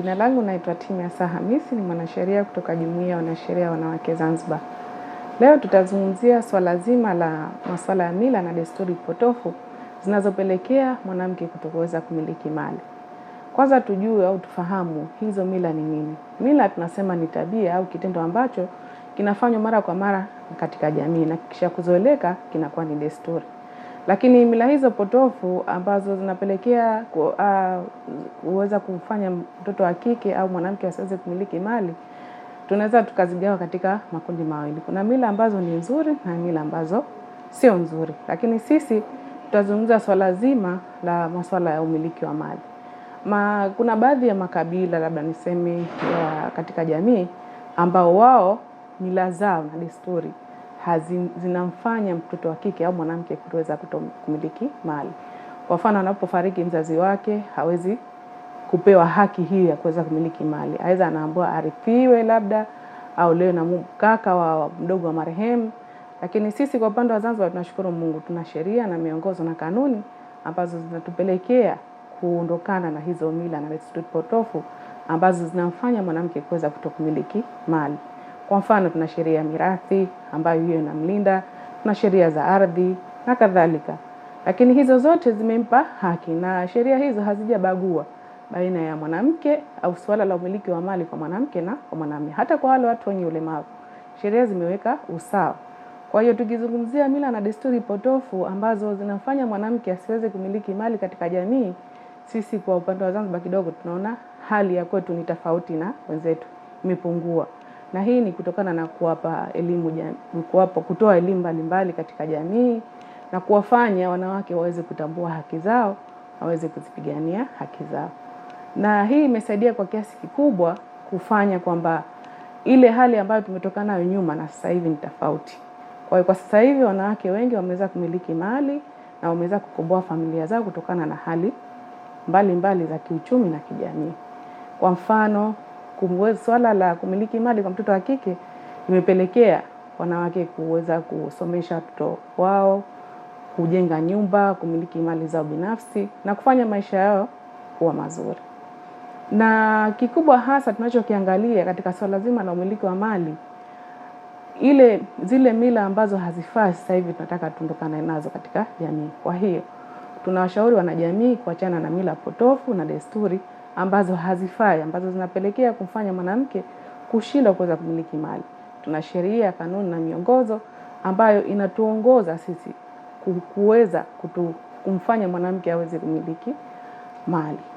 Jina langu naitwa Timia Sahamisi, ni mwanasheria kutoka Jumuiya ya Wanasheria Wanawake Zanzibar. Leo tutazungumzia swala zima la masuala ya mila na desturi potofu zinazopelekea mwanamke kutokuweza kumiliki mali. Kwanza tujue au tufahamu hizo mila ni nini. Mila tunasema ni tabia au kitendo ambacho kinafanywa mara kwa mara katika jamii na kisha kuzoeleka kinakuwa ni desturi. Lakini mila hizo potofu ambazo zinapelekea ah, kuweza kufanya mtoto wa kike au mwanamke asiweze kumiliki mali, tunaweza tukazigawa katika makundi mawili. Kuna mila ambazo ni nzuri na mila ambazo sio nzuri, lakini sisi tutazungumza swala zima la masuala ya umiliki wa mali. Ma, kuna baadhi ya makabila labda niseme katika jamii ambao wao mila zao na desturi hazinamfanya mtoto wa kike au mwanamke kuweza kutomiliki mali. Kwa mfano, anapofariki mzazi wake hawezi kupewa haki hii ya kuweza kumiliki mali, aweza anaambiwa arithiwe labda au leo na kaka wa mdogo wa marehemu. Lakini sisi kwa upande wa Zanzibar tunashukuru Mungu, tuna sheria na miongozo na kanuni ambazo zinatupelekea kuondokana na hizo mila na desturi potofu ambazo zinamfanya mwanamke kuweza kutokumiliki mali. Kwa mfano, tuna sheria ya mirathi ambayo hiyo inamlinda, tuna sheria za ardhi na kadhalika, lakini hizo zote zimempa haki na sheria hizo hazijabagua baina ya mwanamke au suala la umiliki wa mali kwa mwanamke na kwa mwanamume, hata kwa wale watu wenye ulemavu sheria zimeweka usawa. Kwa hiyo tukizungumzia mila na desturi potofu ambazo zinafanya mwanamke asiweze kumiliki mali katika jamii, sisi kwa upande wa Zanzibar kidogo tunaona hali ya kwetu ni tofauti na wenzetu, imepungua na hii ni kutokana na kuwapa elimu, kuwapa kutoa elimu mbalimbali katika jamii na kuwafanya wanawake waweze kutambua haki zao na waweze kuzipigania haki zao, na hii imesaidia kwa kiasi kikubwa kufanya kwamba ile hali ambayo tumetokana nayo nyuma na sasa hivi ni tofauti. Kwa hiyo kwa sasa hivi wanawake wengi wameweza kumiliki mali na wameweza kukomboa familia zao kutokana na hali mbalimbali mbali za kiuchumi na kijamii. Kwa mfano swala la kumiliki mali kwa mtoto wa kike imepelekea wanawake kuweza kusomesha watoto wao, kujenga nyumba, kumiliki mali zao binafsi na kufanya maisha yao kuwa mazuri. Na kikubwa hasa tunachokiangalia katika swala zima la umiliki wa mali, ile zile mila ambazo hazifaa sasa hivi tunataka tuondokane nazo katika jamii. Kwa hiyo tunawashauri wanajamii kuachana na mila potofu na desturi ambazo hazifai, ambazo zinapelekea kumfanya mwanamke kushindwa kuweza kumiliki mali. Tuna sheria, kanuni na miongozo ambayo inatuongoza sisi kuweza kumfanya mwanamke aweze kumiliki mali.